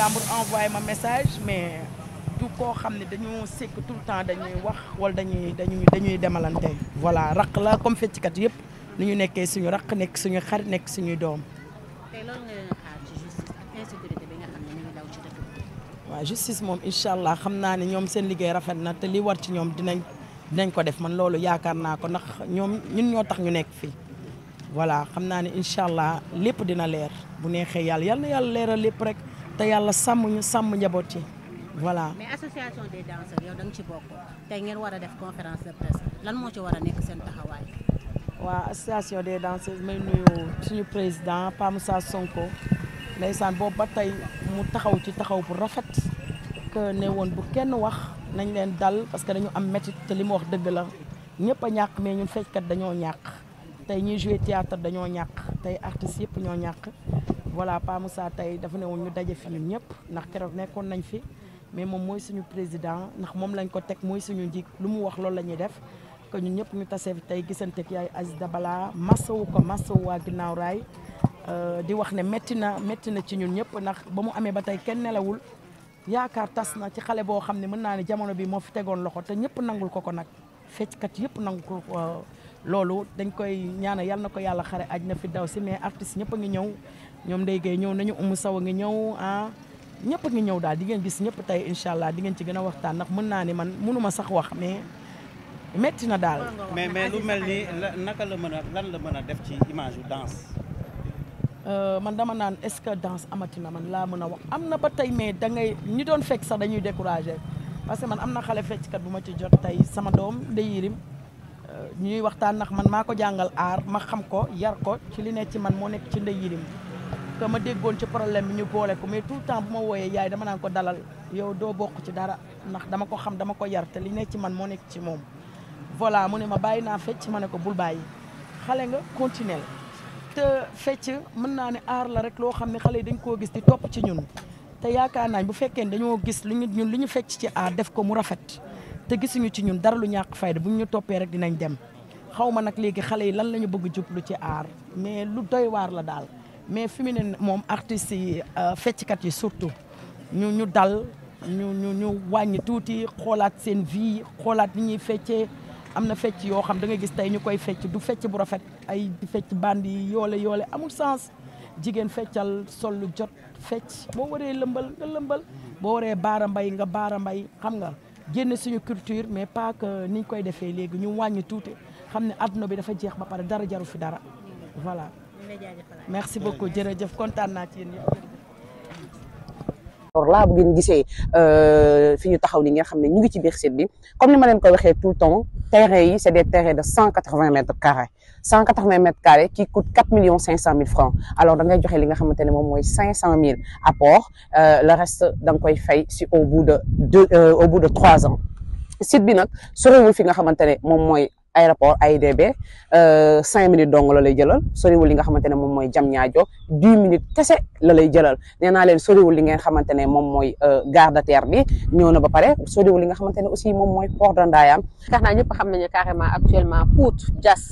jàmbur envoyé ma message mais du koo xam ne dañoo sekk tout le temps dañuy wax wala dañuy dañuy dañuy demalante voilà raq la comme feccikat yëpp ni ñu nekkee suñu raq nekk suñu xarit nekk suñuy doom. waaw justice moom incha allah xam naa ne ñoom seen liggéey rafet na te li war ci ñoom dinañ dinañ ko def man loolu yaakaar naa ko ndax ñoom ñun ñoo tax ñu nekk fii voilà xam naa ni incha allah lépp dina leer bu neexee yàlla yàlla yàlla leeral lépp rek. te yàlla sàmm ñu sàmm njaboot yi voilà. mais association des danseurs yow da ci bokk tey ngeen war a def conférence de presse lan moo ci war a nekk seen taxawaay. waa association des danseuses may nuyu suñu président Pa sa Sonko ndeysaan boobu ba tey mu taxaw ci taxaw bu rafet que ne woon bu kenn wax nañ leen dal parce que dañu am métit te li mu wax dëgg la ñëpp a ñàkk mais ñun feckat dañoo ñàkk tey ñuy jouer théâtre dañoo ñàkk tey artistes yëpp ñoo ñàkk. voilà paamu saa tey dafa ne woon ñu daje fi ñun ñëpp ndax keroog nekkoon nañ fi mais moom mooy suñu président ndax moom lañ ko teg mooy suñu njiit lu mu wax loolu la ñuy def que ñëpp ñu tasee fi tey gisante ak yaay Aziz Dabala massawu ko massawu waa ginnaaw raay euh, di wax ne métti na métti na ci ñun ñëpp ndax ba mu amee ba tey kenn nelawul yaakaar tas na ci xale boo xam ne mën naa ne jamono bi moo fi tegoon loxo te ñëpp nangul ko ko nag fecckat yëpp nangul ko euh, loolu dañ koy ñaana yal na ko yàlla xare aj na fi daw si mais artiste ñëpp a ngi ñëw ñoom day Gueye ñëw nañu umu saw a ngi ñëw ah ñëpp a ngi ñëw daal di ngeen gis ñëpp tey incha allah di ngeen ci gën a waxtaan ndax mën naa ni man mënuma sax wax mais metti na daal. mais mais lu mel ni naka la mën a lan la mën a def ci image yu danse. Euh, man dama naan est-ce que danse amati na man laa mën a wax am na ba tey mais da ngay ñi doon fekk sax dañuy découragé parce que man am na xale fecckat bu ma ci jot tey sama doom day ñuy waxtaan ndax man maa ko jàngal aar ma xam ko yar ko ci li nekk ci man moo nekk ci ndey yirim que ma déggoon ci problème bi ñu boole ko mais tout le temps bu ma wooyee yaay dama naan ko dalal yow doo bokk ci dara ndax dama ko xam dama ko yar te li nekk ci man moo nekk ci moom voilà mu ne ma bàyyi naa fecc ma ne ko bul bàyyi xale nga continuer te fecc mën naa ne aar la rek loo xam ne xale yi dañ koo gis di topp ci ñun te yaakaar naa bu fekkee ne dañoo gis lu ñu ñun li ñu fecc ci aar def ko mu rafet te gisuñu ci ñun dara lu ñàkk fayda bu ñu toppee rek dinañ dem xaw ma nag léegi xale yi lan la ñu bëgg jublu ci aar mais lu doy waar la daal mais fi mu ne moom artistes yi euh, fecckat yi surtout ñu ñu dal ñu ñu ñu wàññi tuuti xoolaat seen vie xoolaat ni ñuy feccee am na fecc yoo xam da nga gis tey ñu koy fecc du fecc bu rafet ay fecc bandi yi yoole yoole amul sens jigéen feccal sol lu jot fecc boo waree lëmbal nga lëmbal boo waree baara mbay nga baara mbay xam nga génn suñu culture mais pas que niñ koy defee léegi ñu wàññi tuuti xam ne adduna bi dafa jeex ba pare dara jaru fi dara voilà. merci beaucoup jërëjëf kontaan naa ci yéen or laa bu ngeen gisee euh, fi ñu taxaw ni ngeen xam ne ñu ngi ci beex site bi comme ni ma leen koy waxee tout le temps. terrain yi c' est des terrains de cent mètres carrés mètres carrés qui coûte quatre millions cinq cent mille francs alors da ngay li nga xamante ne cinq cent mille apport euh, le reste da koy fay si euh, au bout de trois ans site bi nag sorewul nga xamante ne aéroport AIBD euh, cinq minutes dong la lay jëlal soriwul li nga xamante ne moom mooy jam ñaajo dix minutes kese la lay jëlal nee naa leen soriwul li ngeen xamante ne moom mooy euh, gare terre bi ñëw na ba pare soriwul li nga xamante ne aussi moom mooy port de Ndayane. tax naa ñëpp xam nañu carrément actuellement Pout Diass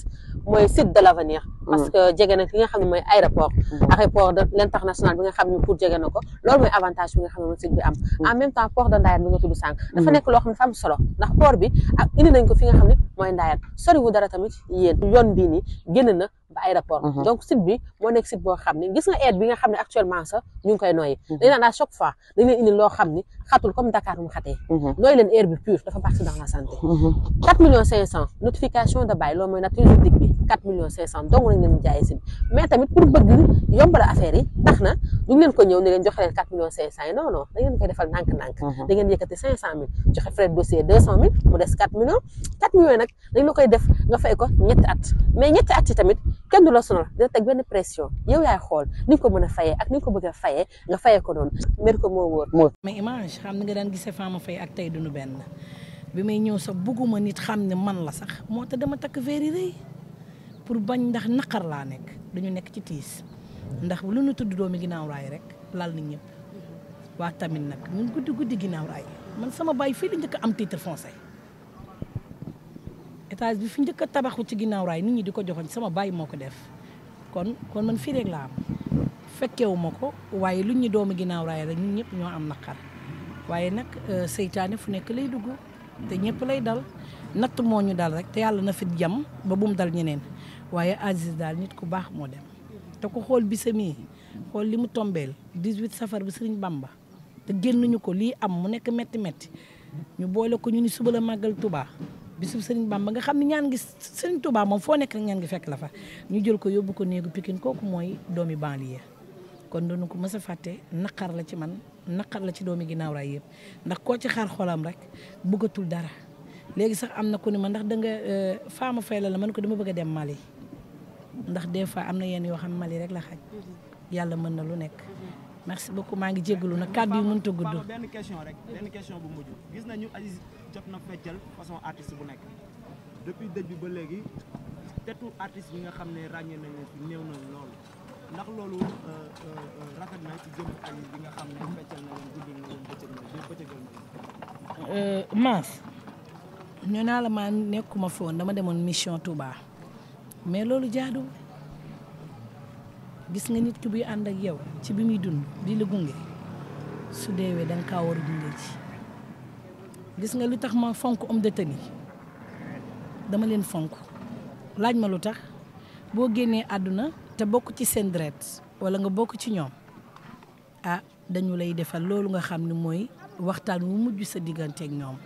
mooy site de l' parce mm. que jege na ki nga xam ne mooy aéroport. Mm. aéroport de l' international bi nga xam ne pour jege ko loolu mooy avantage bi nga xam ne moom site bi am. Mm. en même temps port de Ndayane bi nga tudd sànq. dafa nekk loo xam ne dafa am solo ndax port bi ak ah, indi ko fi nga xam ne mooy Ndayane sori wu dara tamit yéen yoon bii nii génn na. aéroport mm-hmm. donc site bi moo nekk site boo xam ne gis nga aide bi nga xam ne actuellement sax ñu ngi koy nooyi mm-hmm. dañ loo xam ne xatul comme Dakar mu xatee mm-hmm. nooyi leen air bi pur dafa baax ci 4 millions 500 dong lañ leen mais tamit pour bëgg yombala affaire yi tax na duñ leen ko ñëw ne leen joxe leen 4 millions 500 yi non non mhm. da ngeen defal ndànk-ndànk. da ngeen yëkkati 500000 joxe frais de dossier 200000 mu des 4 millions 4 millions nag dañ la koy def nga fay ko ñetti at mais ñetti at yi tamit kenn du la sonal dina teg benn pression yow yaay xool ni ko mën a fayee ak ni ko bëgg a fayee nga fayee ko noonu mer ko moo wóor. mais image xam nga daan gisee Fama Faye ak tey duñu benn bi may ñëw pour bañ ndax naqar laa nekk dañu nekk ci tiis ndax lu ñu tudd doomi ginnaaw raay rek lal na ñëpp waa tamit nag ñun guddi guddi ginnaaw raay man sama baay fii njëkk am titre foncier étage bi fi njëkk tabaxu ci ginnaaw raay nit ñi di ko joxoñ sama baay moo ko def kon kon man fii rek laa am ko waaye lu ñu doomi ginnaaw raay rek ñun ñëpp ñoo am naqar waaye nag euh, seytaane fu nekk lay dugg te ñëpp lay dal natt moo ñu dal rek te yàlla na fit jam ba bu dal ñeneen. waaye Aziz daal nit ku baax moo dem te ku xool bisam yi xool li mu tombeel 18 safar bi Sëriñ Bamba te ñu ko lii am mu nekk métti métti ñu boole ko ñu ni suba la màggal Touba bisub Sëriñ Bamba nga xam ne ñaan ngi Sëriñ Touba moom foo nekk rek ñaan ngi fekk la fa ñu jël ko yóbbu ko néegu Pikine kooku mooy doomi banlieue kon doonu ko mës a fàtte naqar la ci man naqar la ci doomi ginnaaw raay yëpp ndax koo ci xaar xolam rek bëggatul dara léegi sax am na ku ne ma ndax da nga euh, faama fay la la man ko dama bëgg a dem Mali ndax des fois am na yenn yoo xam Mali rek la xaj yàlla mën na lu nekk merci beaucoup maa ngi jégalu nag kàddu yi mënut a gudd. benn question rek benn bu mujj gis nañu Aziz jot na feccal façon artiste bu nekk depuis dëj ba léegi tetu artiste bi nga xam ne ràññee nañ leen fi néew na loolu ndax loolu euh, euh, rafet na ci jëm Aziz bi nga xam ne feccal na leen gudd na leen bëccëg na leen bëccëgal na leen. Maas. ñu naa la maa nekkuma foon dama demoon mission Touba mais loolu jaaduwul gis nga nit ki buy ànd ak yow ci bi muy dund di la gunge su deewee da nga kaa war a gunge ci gis nga lu tax ma fonk homme de tenue dama leen fonk laaj ma lu tax boo génnee àdduna te bokk ci seen deret wala nga bokk ci ñoom ah dañu lay defal loolu nga xam ni mooy waxtaan wu mujj sa diggante ak ñoom.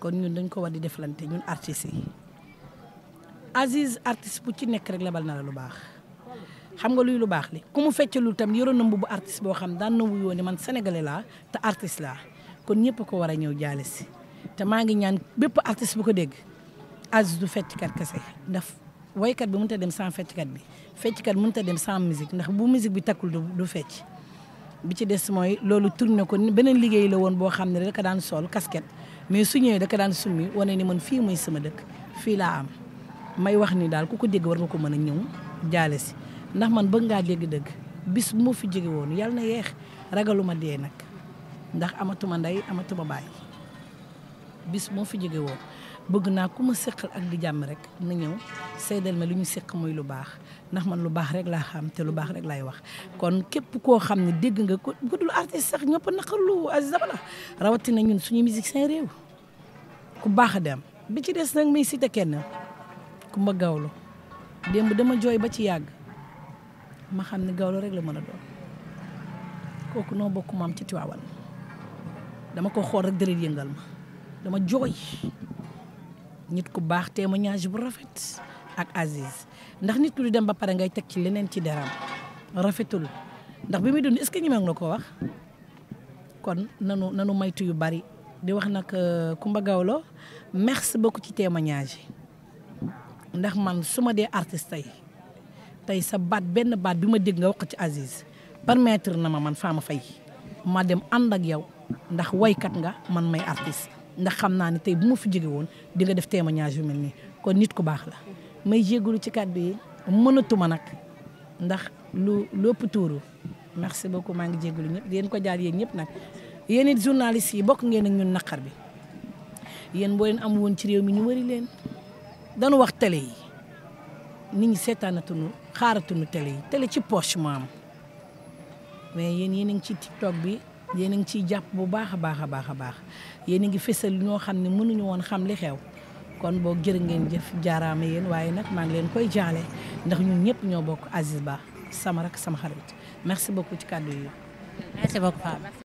kon ñun dañ ko war di deflante ñun artistes yi Aziz artiste bu ci nekk rek lebal na lu baax xam nga luy lu baax li kom mu lu tam yoroon na mbubu artiste boo xam daan na wuyoo ne man sénégalais la te artiste la kon ñëpp ko war a ñëw jaale si te maa ngi ñaan bépp artiste bu ko dégg Aziz du fecckat kese ndax woykat bi mënut a dem sans fecckat bi fecckat mënut a dem sans musique ndax bu musique bi takkul du fecc bi ci des mooy loolu tourné ko beneen liggéey la woon boo xam ne rek daan sol casquette. mais su ñëwee da daan summi wane ni man fii mooy sama dëkk fii laa am may wax ni daal ku ko dégg war nga ko mën a ñëw jaale si ndax man bëgg ngaa dégg dëgg bis bu ma fi jóge woon yàlla na yeex ragaluma dee nag ndax amatuma ndey amatuma baay bis moo fi jóge woon bëgg naa ku ma seqal ak di jàmm rek na ñëw seedal ma lu ñu seq mooy lu baax ndax man lu baax rek laa xam te lu baax rek laay wax kon képp koo xam ne dégg nga ko guddul artiste sax ñëpp naqarlu Aziz Dabala rawatina ñun suñu musicien réew ku baax a dem bi ci des nag muy cité kenn ku ma gawlu démb dama jooy ba ci yàgg ma xam ne gawlo rek la mën a doon kooku noo bokk maam ci Tiwaawan dama ko xool rek dërët yëngal ma dama jooy nit ku baax ma témoignage bu rafet ak Aziz ndax nit ku dem ba pare ngay teg ci leneen ci deram rafetul ndax bi muy dund est-ce que ñemeeg ko wax kon nanu nanu maytu yu bari di wax nag euh, Coumba Gawlo merci beaucoup ci témoignage ndax man su ma dee artiste tey tey sa baat benn baat bi ma dégg nga wax ci asis permettre na ma man Fama fay ma dem ànd ak yow ndax waykat nga man may artiste ndax xam naa ne tey bu ma fi jóge woon di nga def témoignage yu mel nii kon nit ku baax la may jégalu ci kat bi mënatuma nag ndax lu lépp tuuru merci beaucoup maa ngi jégalu ñëpp di leen ko jaar yéen ñëpp nag yéen it yi bokk ngeen ak ñun naqar bi yéen boo leen am woon ci réew mi ñu wari leen dañu wax télé yi nit ñi seetaanatuñu xaaratuñu télé yi tele ci poche mu am mais yéen yéen a ngi ci tiktok bi yéen a ngi ciy jàpp bu baax a baax a baax a baax yéen a ngi fësal ñoo xam ne mënuñu woon xam li xew kon boo jërë ngeen jëf jaaraama yéen waaye nag maa ngi leen koy jaale ndax ñun ñëpp ñoo bokk Aziz Ba sama rak sama xarit merci beaucoup ci kàddu yi